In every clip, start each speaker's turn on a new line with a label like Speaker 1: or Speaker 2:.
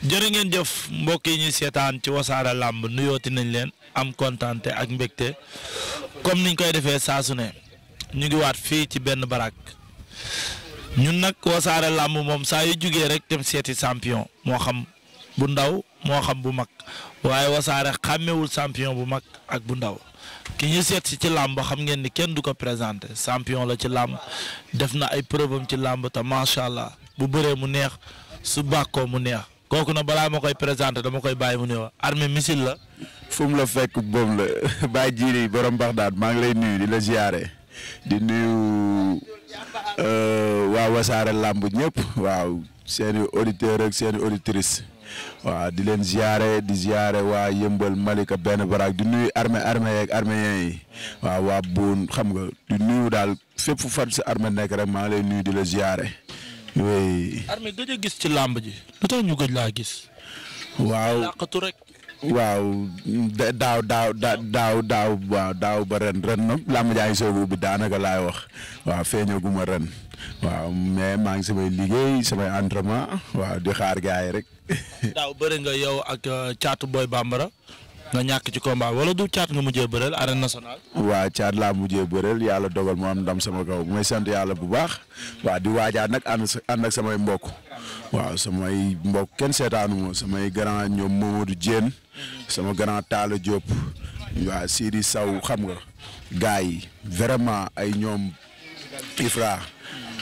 Speaker 1: jërë ngeen jëf mbokk yi ñuy seetaan ci wasaare làmb nuyooti nañ leen am kontaan ak mbégte comme niñ koy defee saa su ne ñu ngi waat fii ci benn barak ñun nag wasaare làmb moom saa yu jógee rek dem seeti champion moo xam bu ndaw moo xam bu mag waaye wasaare xàmmewul champion bu mag ak bu ndaw ki ñu seet si ci làmb xam ngeen ni kenn du ko présenté champion la ci làmb def na ay preuve ci làmb te macha allah bu bëree mu neex su bàkkoo mu neex. kooku na balaa ma koy présenté dama koy bàyyi mu nuyoo armée missile la.
Speaker 2: fu mu la fekk boobu la Baye Djili borom Baxdaad maa ngi lay nuyu di la ziare di nuyu euh, waa wasaare làmb ñëpp waaw seeni auditeurs ak seeni auditrices waa di leen ziare di ziare waa yëmbal Malika benn baraak di nuyu armée armée yeeg arméen yi waaw waa buun xam nga di nuyu daal fépp fu fan si armée nekk rek maa ngi lay nuyu di la ziare. oui.
Speaker 1: Armé gëj a gis ci làmb ji lu tax ñu gëj laa gis. waaw làqatu rek. waaw daaw daaw
Speaker 2: daaw daaw daaw ba ren ren nag làmb jaa ngi soogu bi daanaka laay wax waaw feeñaguma ren waaw mais maa ngi samay liggéey samay entraînement waaw di xaar gars yi rek.
Speaker 1: daaw bëri nga yow ak caatu uh, booy bambara nga ñàkk ci combat wala du caat nga mujjee bëreel arène nationale.
Speaker 2: waaw caat laa mujjee bëreel yàlla dogal mu am ndam sama kaw may sant yàlla bu baax waa di waajaat nag ànd ànd ak samay mbokk waaw samay mbokk kenn seetaanu samay grand ñoom du Dieng sama grand Talla Diop waaw Sidi Sow xam nga gars yi vraiment ay ñoom Ifra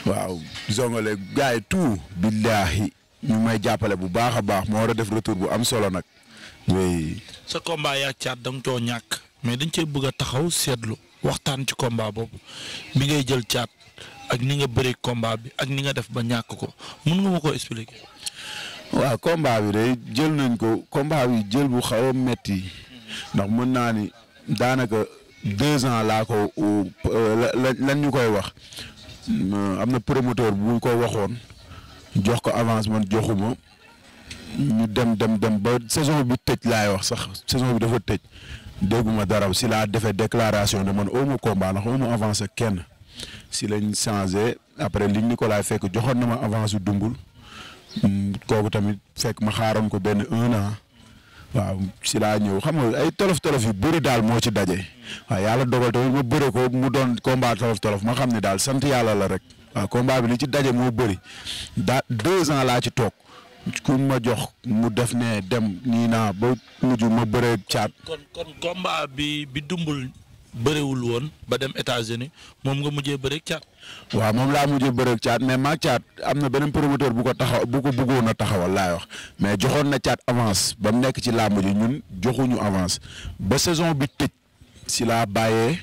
Speaker 2: waaw zongale gars yi tout billaahi ñu may jàppale bu baax a baax moo war a def retour bu am solo nag. oui.
Speaker 1: sa combat yaa caat da coo ñàkk mais dañ cee bëgg a taxaw seetlu waxtaan ci combat boobu bi ngay jël caat ak ni nga bëri combat bi ak ni nga def ba ñàkk ko mën nga ma ko expliquer. waa
Speaker 2: combat bi day jël nañ ko combat bi jël bu xaw a metti ndax mën naa ni daanaka deux ans laa ko lan ñu koy wax euh, am na promoteur bu ko waxoon jox ko avancement man joxuma dem dem dem ba saison bi tëj laay wax sax saison bi dafa tëj dégguma dara si laa defee déclaration de man amu combat ndax amu avancé kenn si lañ changé après liñ Nicolas fekk joxoon na ma avance yu dumbul mm, kooku tamit fekk ma xaaroon ko benn un an waaw si laa ñëw xam nga ay tolof tolof yu bëri daal moo ci daje waaw yàlla dogal tamit ma bëre ko mu doon combat tolof tolof ma xam ne daal sant yàlla la rek waaw combat bi li ci daje moo bëri daa deux ans laa ci toog. ku ma jox mu def ne dem nii naa ba mujj ma bëree caat.
Speaker 1: kon kon combat bi bi dumbul bëriwul woon ba dem États-Unis moom nga mujjee bëreeg caat.
Speaker 2: waaw moom laa mujjee bëreeg caat mais maa caat am na beneen promoteur bu ko taxaw bu ko bëggoon a taxawal laay wax mais joxoon na caat avance ba mu nekk ci làmb ji ñun joxuñu avance ba saison bi tëj si laa bàyyee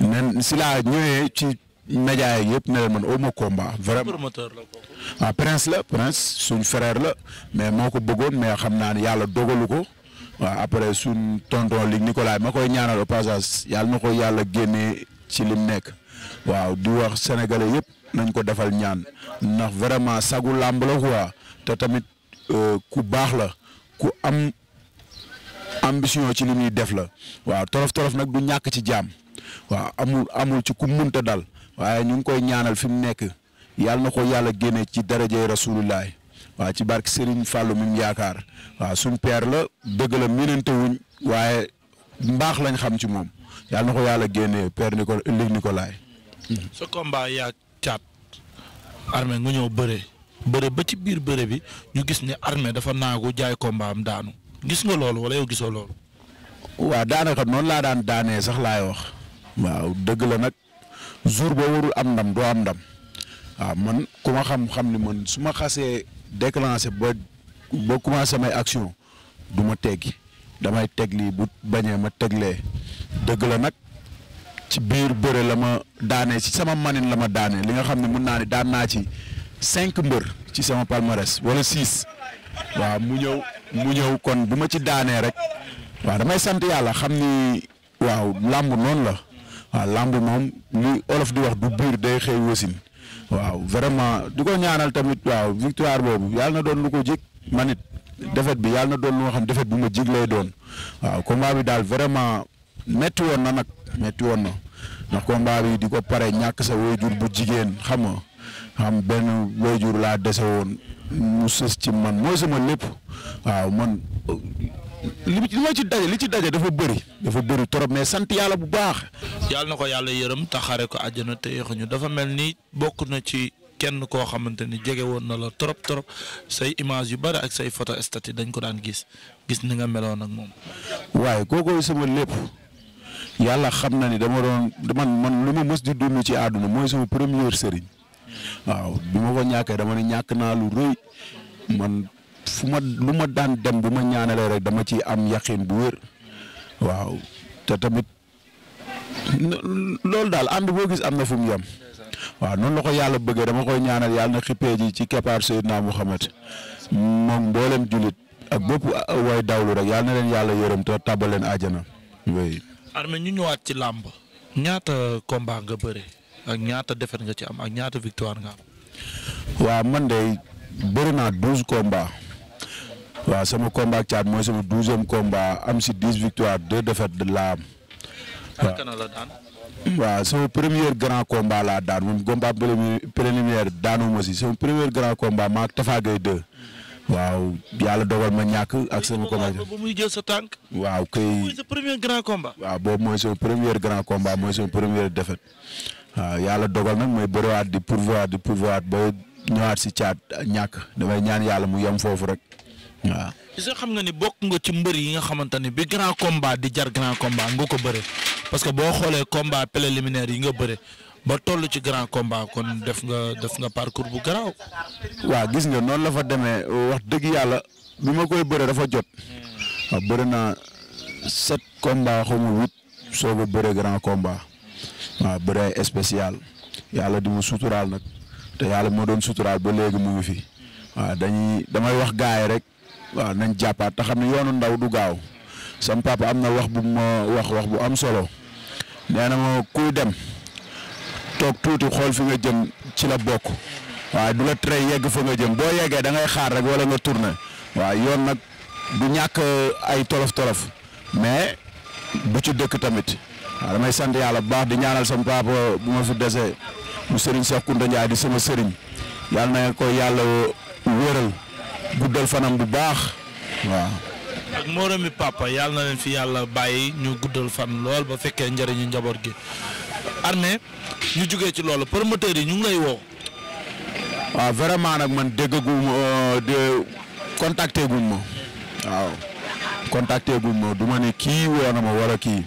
Speaker 2: nen si laa ñëwee ci média yi yëpp ne leen man oma combat vraiment promoteur la waaw ah, prince la prince suñ frère la mais moo ko bëggoon mais xam naa ne yàlla dogalu ko waa après suñ tonton li Nicolas ma koy ñaanal au yàlla na ko yàlla génnee ci lim nekk waaw di wax sénégalais yëpp nañ ko defal ñaan ndax vraiment sagu làmb la waa te tamit euh, ku baax la ku am ambition ci li muy def la waaw torof torof nag du ñàkk ci jaam waaw amul amul ci ku munta dal waaye ñu ngi koy ñaanal fi mu nekk yàlla na ko yàlla génne ci darajay rasulullah waaw ci bark barke Serigne Fallou mi yaakaar waa suñ père la dëgg la miinante waaye mbaax lañ xam ci moom yàlla na ko yàlla génne père Nico Luc Nicolaï.
Speaker 1: sa combat yaa caat armée nga ñëw bëre bëre ba ci biir bëre bi ñu gis ne armée dafa naagu jaay combat daanu gis nga loolu wala yow gisoo loolu. waa
Speaker 2: daanaka noonu laa daan daanee sax laay wax. waaw dëgg la nag jour boo warul am ndam doo am ndam waaw ah, man ku ma xam xam ni man su ma xasee déclenché ba ba commencé may action du ma teggi damay tegli bu bañee ma teglee dëgg la nag ci biir bëre la ma daanee ci sama manin la ma daanee li nga xam ne mun naa ne daan naa ci cinq mbër ci sama palmarès wala six waaw mu ñëw mu ñëw kon bu ma ci daanee rek waaw damay sant yàlla xam ni waaw làmb noonu la. waaw lamb moom li olof di wax du biir day xëy wasin waaw vraiment di ko ñaanal tamit waaw victoire boobu yàlla na doon lu ko jik manit defet bi yàlla na doon lu nga xam defet bu ma jig lay doon waaw combat bi daal vraiment metti woon na nag metti woon na ndax combat bi di ko pare ñàkk sa waajur bu jigéen xam nga xam benn waajur laa dese woon mu sës ci man mooy sama lépp waaw man li li ma ci daje li ci daje dafa bëri dafa bëri trop mais sant yàlla bu baax.
Speaker 1: yàlla na ko yàlla yërëm taxaare ko àjjana te yéexuñu dafa mel ni bokk na ci kenn koo xamante ni jege woon na la trop trop say image yu bëri ak say photo statut dañ ko daan gis gis ni nga meloon ak moom.
Speaker 2: waaye kooku sama lépp yàlla xam na ni dama doon man man lu ma mës di dund ci àdduna mooy sama première sëriñ waaw bi ma ko ñàkkee dama ne ñàkk naa lu rëy man fu ma lu ma daan dem bu ma ñaanalee rek dama ci am yaqin bu wér waaw te tamit loolu daal ànd boo gis am na fu mu yem waaw noonu la ko yàlla bëggee dama koy ñaanal yal na xippee ji ci keppaar Seydina Muhammad moom mboolem jullit ak bopp way dawlu rek yàlla na leen yàlla yërëm te tàbbal leen àjjana oui.
Speaker 1: ñu ñëwaat ci làmb ñaata combat nga bëre ak ñaata défaite nga ci am ak ñaata victoire nga am.
Speaker 2: waaw man de bëri naa waaw sama combat ak Thiat mooy sama douzième combat am si dix victoires deux de la am. waaw sama premier grand combat laa daan moom combat préliminaire daanu ma si sama premier grand combat yàlla dogal ma ñàkk ak sama combat tànk. waaw kay mooy
Speaker 1: sa premier grand combat. waaw
Speaker 2: boobu sama première défaite waaw yàlla dogal nag mooy bëriwaat di pourvoir di pourvoir ba ñëwaat si caat ñàkk damay ñaan yàlla mu yem foofu rek. waaw
Speaker 1: gis nga xam nga ni bokk nga ci mbër yi nga xamante ni bi grand combat di jar grand combat nga ko bëre parce que boo xoolee combat préliminaire yi nga bëre ba toll ci grand combat kon def nga def nga parcours bu garaw waa gis nga noonu la fa demee wax dëgg
Speaker 2: yàlla bi ma koy bëre dafa jot. waaw bëri naa sept combat xaw ma huit soo ko bëree grand combat waaw bëre spécial yàlla di mu suturaal nag te yàlla moo doon suturaal ba léegi mu ngi fi waaw dañuy damay wax gaay rek. waaw nañ jàppaat te xam ne yoonu ndaw du gaaw sam papa am na wax bu ma wax wax bu am solo nee na kuy dem toog tuuti xool fi nga jëm ci la bokk waaw du la tere yegg fa nga jëm boo yeggee dangay ngay xaar rek wala nga tourné waaw yoon nag du ñàkk ay tolof tolof mais bu ci dëkk tamit waaw damay sant yàlla bu baax di ñaanal sam papa bu ma fi desee mu sëriñ Cheikh Kounta Ndiaye di sama sëriñ yàlla na ko yàlla wéral guddal fanam bu baax waaw.
Speaker 1: ak moromi papa yàlla na leen fi yàlla bàyyi ñu guddal fan lool ba fekkee njëriñu njaboot gi Armé ñu jógee ci lool loolu promoteurs yi ñu ngi lay woo. waaw vraiment nag man déggagum euh, de
Speaker 2: contacter gum waaw contacter gum ma du ma ne kii woo na ma wala kii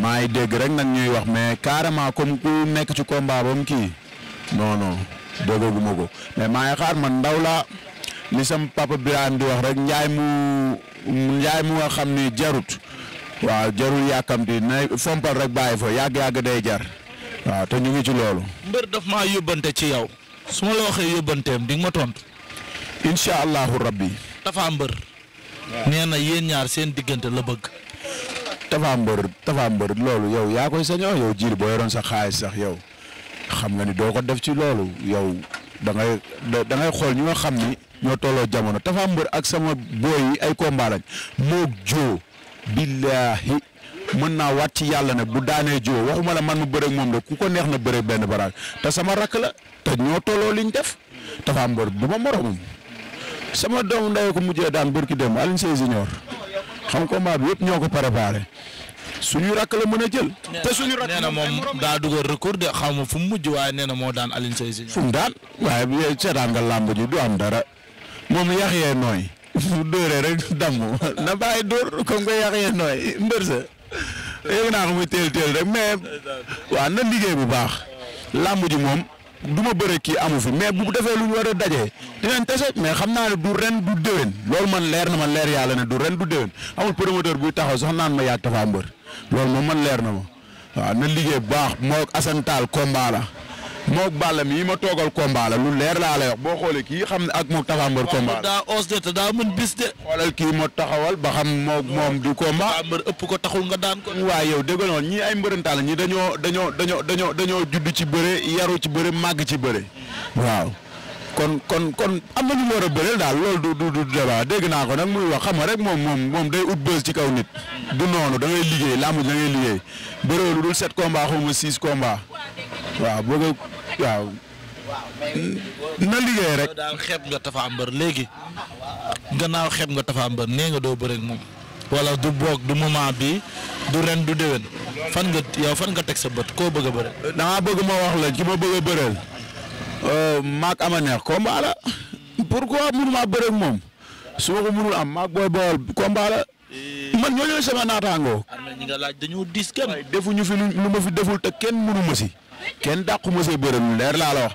Speaker 2: maa ngi dégg rek nag ñuy wax mais carrément comme ku nekk ci combat kii non déggaguma ko mais maa xaar man ndaw la li sam papa Birane di wax rek njaay mu njaay mu nga xam ni jarut waaw jarul yàkkamti na fompal rek bàyyi fa yàgg-yàgg day jar waaw te ñu ngi ci loolu.
Speaker 1: mbër daf maa yóbbante ci yow. su ma la waxee yóbbanteem di nga ma tontu. incha allahu rabbi. Tafa Mbër. nee na yéen ñaar seen diggante la bëgg. Tafa
Speaker 2: Mbër Tafa Mbër loolu yow yaa koy sañoo yow jiir boo yoroon sa xaalis sax yow xam nga ni doo ko def ci loolu yow da ngay da ngay xool ñi nga xam ni ñoo tolloo jamono Tapha Mbeur ak sama booy yi ay combat lañ moog joo billaahi mën naa waat ci yàlla na bu daanee joo waxuma la man ma bëreeg moom de ku ko neex na bëreeg benn baraag te sama rakk la te ñoo tolloo liñ def Tapha Mbeur du ma moromam sama doomu
Speaker 1: ndey ko mujjee daan bërki dem Alioune Sèye Junior xam combat bi yëpp ñoo ko préparé. su suñu rakk la mën a jël. te suñu rakk nee na moom daa dugal recours de xaw ma fu mu mujj waaye nee na moo daan Alioune Seye si. fu mu daan waaye bu seetaan nga làmb du am dara moom yax yee
Speaker 2: nooy bu dóoree rek damm na bàyyi dóor comme que yax yee mbër sa yëg naa ko muy teel teel rek mais waaw na liggéey bu baax làmb ji moom. du ma bëre kii amu fi mais bu defee lu ñu war a dajee dinañ tase mais xam naa ne du ren du déwén loolu man leer na ma leer yàlla ne du ren du déwén amul promoteur buy taxaw sax naan ma yaag Tapha Mbeur loolu moom man leer na ma waaw na liggéey baax moog asantaal combat la moog Balla mii ma toogal combat la lu leer laa lay wax boo xoolee kii xam ne ak moog Tapha Mbeur combat daa
Speaker 1: os de te daa mën bis de. xoolal kii moo taxawal ba xam moog moom du combat. Tapha Mbeur ëpp ko taxul nga daan
Speaker 2: ko. waaye yow dégg nga ñii ay mbërëntaal ñi dañoo dañoo dañoo dañoo dañoo judd ci bëre yaru ci bëre màgg ci bëre waaw. kon kon kon am na ñu war a bëreel daal loolu du du du dégg naa ko nag muy wax xam nga rek moom moom moom day ut bës ci kaw nit. du noonu da ngay liggéey làmb ji da ngay liggéey bëree lu dul sept combats xaw ma six combats waaw bëgg waaw.
Speaker 1: na liggéey rek. daal xeeb nga Tapha Mbeur léegi gannaaw xeeb nga Tapha Mbeur nee nga doo bëreeg moom. wala du boog du moment bi du ren du déwén fan nga yow fan nga teg sa bët koo bëgg a bëreel. da bëgg ma wax la ki ma bëgg
Speaker 2: bëreel. Euh, maag ama neex combat la pourquoi mënuma bëre moom su ma ko mënul am maag booy bool man ñoo ñooy sama naataangoo.
Speaker 1: ñi nga laaj dañoo dis kenn.
Speaker 2: defu ñu fi lu ma fi deful te kenn mënu si kenn dàqu ma see leer laa wax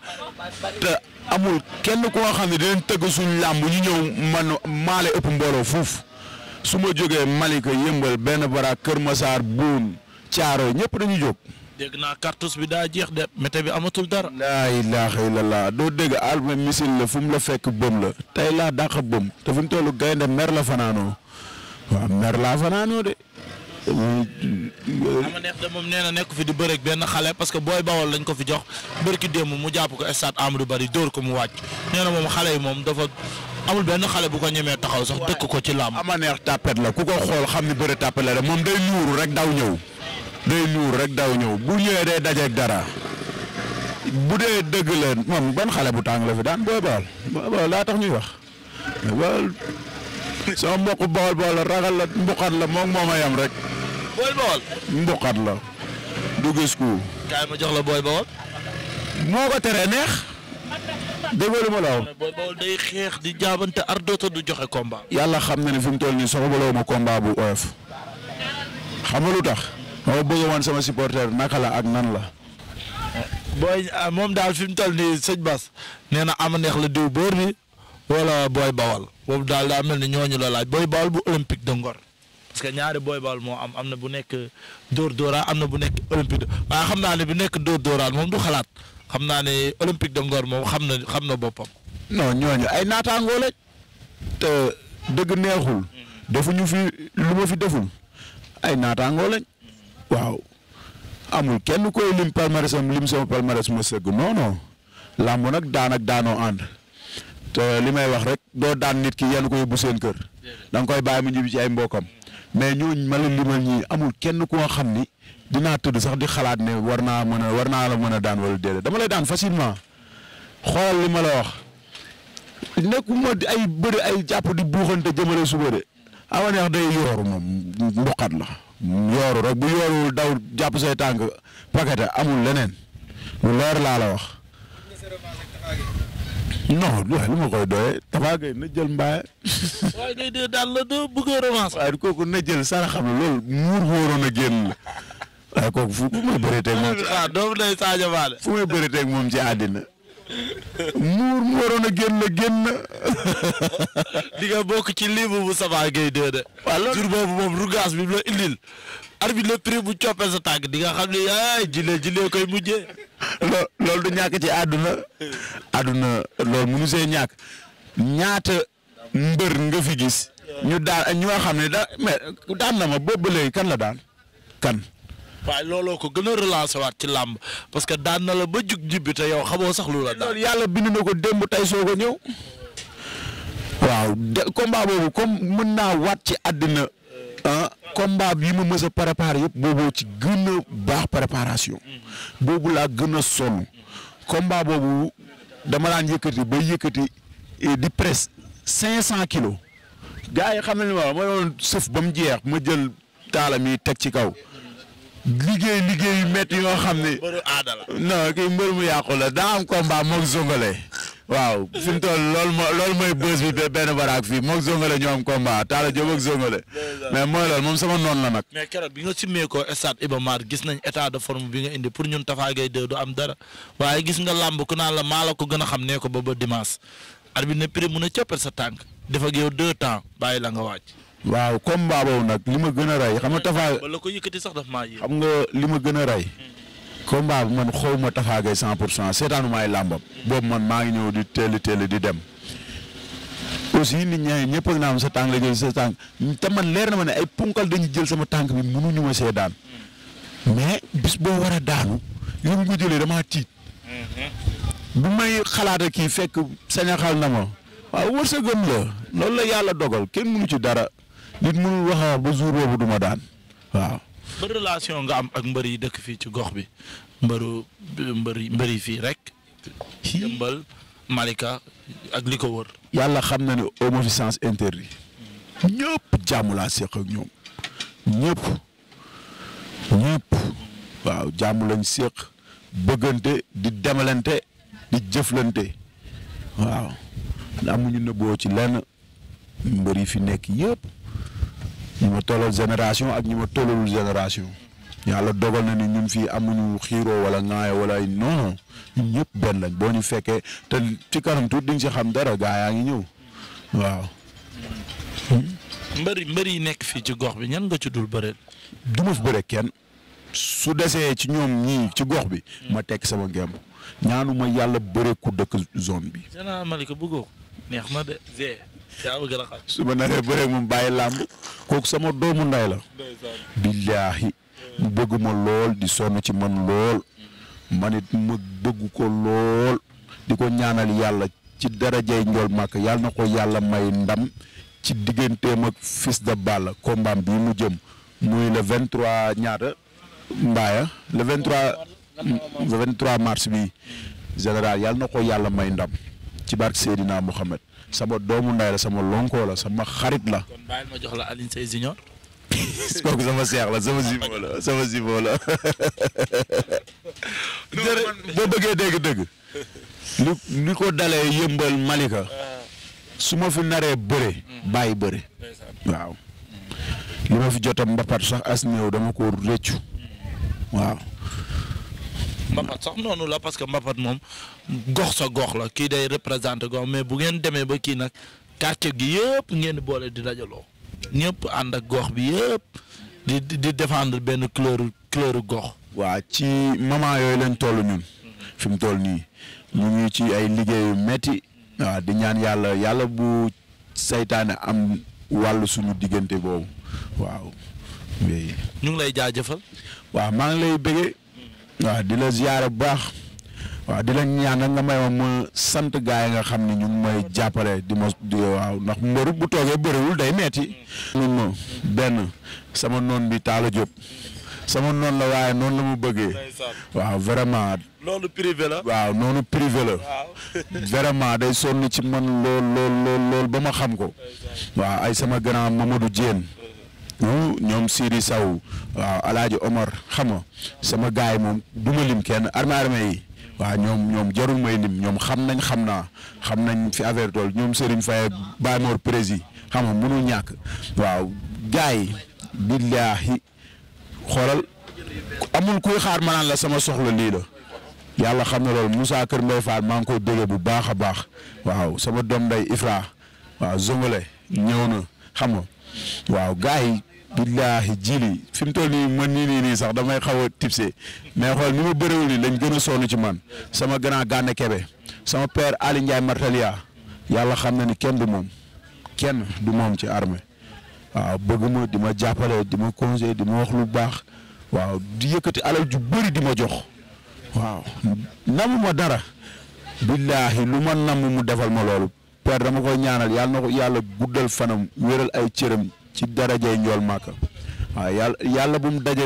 Speaker 2: te amul kenn koo xam ne dinañ tëgg suñu làmb ñu ñëw man maale ëpp mbooloo fuuf su ma jógee Malika yëmbal benn bara Kër Masaar Boune caaro ñëpp dañu jóg.
Speaker 1: dégg naa cartouche bi daa jeex de mété bi amatul dara.
Speaker 2: laa la illallah doo dégg album missile la fu la fekk bëm la tey laa dàq bëm te fu mu gaynde mer la fanaanoo waaw mer laa fanaanoo de.
Speaker 1: ama na nekk fi di bëreeg benn xale parce que booy bawol lañ ko fi jox bërki démb mu jàpp ko stade Amadou bari dóor ko mu wàcc nee moom xale yi moom dafa amul benn xale bu ko ñemee taxaw sax dëkk ko ci làmb. ama neex
Speaker 2: tàppet la ku ko xool xam ni bëre tàppet la moom day nuuru rek daw ñëw. day luur rek daw ñëw bu ñëwee day dajeeg dara bu dee dëgg la moom ban xale bu tàng la fi daan booy baal booy baal laa tax ñuy wax mais baal sama mbokk bawal bawal la ragal la mbuqat la moom moo ma yem rek.
Speaker 1: booy la du gis ku. jox la booy bawal. moo ko teree neex. déggoo lu ma la booy day xeex di jaabante ardoota du joxe combat.
Speaker 2: yàlla xam na ne fi mu toll nii soxla ma combat bu oyof xam nga lu
Speaker 1: tax. dama bëgg woon sama supporter naka la ak nan la. booy ah, moom daal fi mu toll nii Bas nee na am neex la diw boor bi wala booy bawal boobu daal daa mel ni ñooñu la laaj booy bawal bu olympique de Ngor. parce que ñaari booy bawal moo am am na bu nekk dóor dóoraan am na bu nekk olympique waaye xam naa ne nekk dóor dóoraan moom du xalaat xam naa ne olympique de Ngor moom xam na xam na boppam. non ñooñu ay naataangoo lañ te dëgg neexul. Mm-hmm. defuñu fi lu ma fi deful ay naataangoo lañ.
Speaker 2: waaw amul kenn koy lim palmarès am lim sama palmarès ma sëgg non làmb nag daan ak daanoo ànd te li may wax rek doo daan nit ki yéen ko yóbbu seen kër da koy bàyyi mu ñibbi ci ay mbokkam mais ma la amul kenn koo xam ni dinaa tudd sax di xalaat ne war naa mën a war naa la mën a daan wala déedéet dama lay daan facilement xoolal li ma wax nekkuma ay bëri ay jàpp di buuxante jëmale suba de awa neex day yor moom la. yooru rek bu yooruwul daw jàpp say tànk paquet amul leneen lu leer laa la wax. non waaye lu ma koy doyee Tapha Gueye na jël mbaay. la doo bëgg a revanche. waaye kooku na jël saraxam la loolu muur wóoroon a génn waaye kooku fu may bëreeteeg moom.
Speaker 1: Ah,
Speaker 2: fu moom ci àddina.
Speaker 1: muur mu waroon a génn génn. di bokk ci livre bu Saba Gueye dee de. waaw jur boobu moom rugaas bi mu la indil. arbitre le prix bu coppee sa tànk di nga xam ne ay jile jile koy mujjee. loo du ñàkk ci àdduna.
Speaker 2: àdduna loolu mënu see ñàkk. ñaata mbër
Speaker 1: nga fi gis. ñu daan ñoo xam ni da daan na ma boobu ba léegi kan la daan kan. waaye looloo ko gën a relancé waat ci làmb parce que daan na la ba jug jibbi te yow xamoo sax lu la daan. yàlla bind na ko démb tey soo ko ñëw. waaw de
Speaker 2: combat boobu comme mën naa waat ci àddina ah combat yi ma mës a préparé yëpp booboo ci gën a baax préparation boobu laa gën a sonn combat boobu dama daan yëkkati ba yëkkati eh, di presse cinq cent kilos gars yi xam nañu ma ma doon sëf ba mu jeex ma jël taala mi teg ci kaw
Speaker 1: liggéey liggéey
Speaker 2: métti yoo xam ni non kii mbër mu yàqu la daa am combat moog zongale waaw fi mu toll lool mooy loolu bës bi benn baraak fii moog zongale ñoo am combat Talla Diop ak zongale mais mooy loolu moom sama noon la nag.
Speaker 1: mais keroog bi nga simmee ko stade Iba gis nañ état de forme bi nga indi pour ñun Tapha Gueye 2 du am dara waaye gis nga làmb ku naan la maa la ko gën a xam ne ko ba ba dimanche. arbitre ne prix mun a coppet sa tànk dafa ak yow deux temps bàyyi la nga wàcc.
Speaker 2: waaw combat boobu nag li ma gën a rey xam nga Tapha. ba
Speaker 1: ko yëkkati sax daf maa xam
Speaker 2: nga li ma gën a rey. combat bi man xaw ma Tapha Gueye cent pour cent seetaanumaay làmbam. boobu man maa ngi ñëw di teel teel di dem. aussi nit ñaa ñëpp ak naam sa tànk la jël sa tànk te man leer na ma ne ay punkal dañu jël sama tànk bi mënuñu ma see daan. mais bis boo war a daanu yow mi ko damaa tiit. bu may xalaat kii fekk sañaxal na ma. waaw wërsëgam la loolu la yàlla dogal kenn mënu ci dara. nit mënul waxaa ba jour boobu duma daan
Speaker 1: waaw. ba relation nga am ak mbër yi dëkk fii ci gox bi mbëru mbëri mbëri fii rek. yëmbal Malika ak li ko wër.
Speaker 2: yàlla xam na ne au ma fi sens interdit ñëpp jàmm laa seq ak ñoom ñépp ñépp waaw jàmm lañ seq bëggante di demalante di jëflante waaw amuñu nëbboo ci lenn mbër yi fi nekk yëpp. ñi ma tollal génération ak ñi ma tollalul génération yàlla dogal na ni ñun fii amuñu xiiroo wala ŋaayo wala non ñun ñëpp benn lañ boo ñu fekkee te ci kanam tuuti di nga si xam dara gaa yaa ngi ñëw waaw.
Speaker 1: mbëri mbëri yi nekk fii ci gox bi ñan nga ci dul bëre. du ma fi bëre
Speaker 2: kenn su desee ci ñoom ñii ci gox bi. ma tekk sama ngemb ñaanuma yàlla bëre ku dëkk zone bi.
Speaker 1: Malika bëggoo neex yaa ma gën su ma naree bëree
Speaker 2: moom bàyyi làmb kooku sama doomu nday la. billaahi mu bëgg ma lool di sonn ci mën lool. man it ma bëgg ko lool. di ko ñaanal yàlla ci darajay njool màkk yàlla na ko yàlla may ndam ci digganteem ak fils de Balla combat bi mu jëm muy le 23 ñaata mbaaya le 23 le 23 mars bi général yàlla na ko yàlla may ndam. ci barke Seydina Mohamed sama doomu nday la sama lonkoo la sama xarit la.
Speaker 1: ma jox la Alioune Seye Junior.
Speaker 2: kooku la sama simoo la sama simoo la. jërë boo bëggee dégg-dégg. li li ko dalee yëmbal Malika. Ah. su ma fi naree bëre. Mm. bàyyi bëre. waaw. li ma fi jotam mbapat sax as dama ko rëccu. Mm. waaw
Speaker 1: mbapat sax noonu la parce que mbapat moom gox sa gox la kii day représenté gox mais bu ngeen demee ba kii nag quartier gi yëpp ngeen di boole di rajaloo ñëpp ànd ak gox bi yëpp di di défendre benn couleur couleur gox. waa
Speaker 2: ci moment yooyu lañ toll ñun. fi mu toll nii ñu ngi ci ay liggéeyu metti waaw di ñaan yàlla yàlla bu seytaane am wàll suñu diggante boobu waaw. maa ngi lay bëggee waaw di la ziyaare bu baax waaw di la ñaan nga may ma ma sant gaay yi nga xam ne ñu ngi may jàppale di ma di waaw ndax mbëru bu toogee bëriwul day metti nun ma benn sama noon bi Talla Diop sama noon la waaye noonu la mu bëggee waaw vraiment noonu privé la waaw noonu privé la vraiment day sonn ci man lool lool lool lool ba ma xam ko waaw ay sama grand Mamadou Diène ñoom Siri saw waaw Alaaji Omar xam nga sama gaay moom du ma lim kenn armée armée yi waaw ñoom ñoom jarul may lim ñoom xam nañ xam naa xam nañ fi affaire tool ñoom Serigne Faye Baye Mor prési xam nga mënul ñàkk waaw gaay billaahi xoolal amul kuy xaar ma la sama soxla lii la yàlla xam na loolu Moussa Kër Mbaye Fall maa ngi ko déggee bu baax a baax waaw sama doom day Ifra waaw Zongale ñëw na xam waaw gaay billaahi jili fi mu toll nii man nii nii nii sax damay xaw a tipsé mais xool ni ma bëriwul nii lañ gën a ci man sama ganaa Gane Kebe sama per Ali Ndiaye Martalia yàlla xam na ni kenn du moom kenn du moom ci armée waaw bëgg ma di ma jàppale di ma conseil di ma wax lu baax waaw di yëkkati alal ju bëri di ma jox waaw namu ma dara billaahi lu ma namm mu defal ma loolu per dama koy ñaanal yàlla na ko yàlla guddal fanam wéral ay cëram. ci darajay njool màkka waaw yàlla yàlla bu mu daje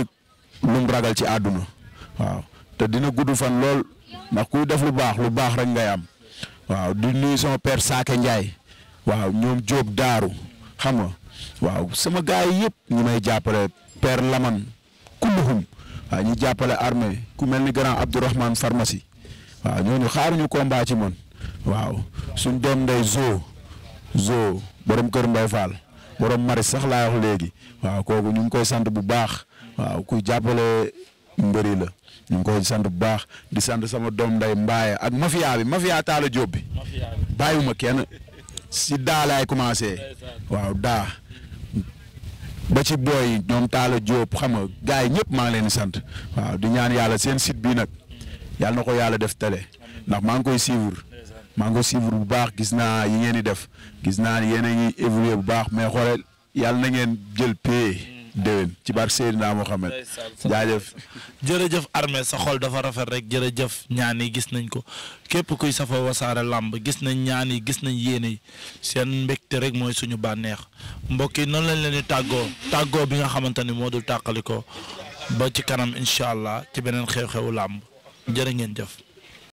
Speaker 2: lu mu ragal ci àdduna waaw te dina gudd fan lool ndax kuy def lu baax lu baax rek ngay am waaw di nuyu sama père Saake Ndiaye waaw ñoom Diop daaru xam nga waaw sama gars yi yëpp ñi may jàppale per Laman kulluhum waaw ñi jàppale armée ku mel ni grand Abdourahmane pharmacie waaw ñooñu xaaruñu combat ci man waaw suñ doom ndey zoo zoo borom kër Mbay borom mari sax léegi waaw kooku ñu ngi koy sant bu baax waaw kuy jàppale mbëri la ñu ngi koy sant bu baax di sant sama doom nday mbaaya ak mafia bi mafia taala jóob bi bàyyiwuma kenn si daa laay commencé waaw daa ba ci booy ñoom taala jóob xam nga gars yi ñëpp maa leen di sant waaw di ñaan yàlla seen site bi nag yàlla na ko yàlla def télé ndax maa ngi koy suivre mango ngi bu baax gis naa yi ngeen di def gis naa yéen a ngi bu baax mais xoolal yàlla na ngeen jël paie. déwén ci barke Seydina Mohamed. jaajëf
Speaker 1: jërëjëf Armé sa dafa rafet rek jërëjëf ñaan yi gis nañ ko képp kuy safa wasaare làmb gis nañ ñaan yi gis nañ yéene yi seen mbégte rek mooy suñu bànneex mbokk yi noonu lañ leen di tàggoo tàggoo bi nga xamante ni moo dul tàqali ko ba ci kanam incha allah ci beneen xew-xewu làmb jërë ngeen jëf.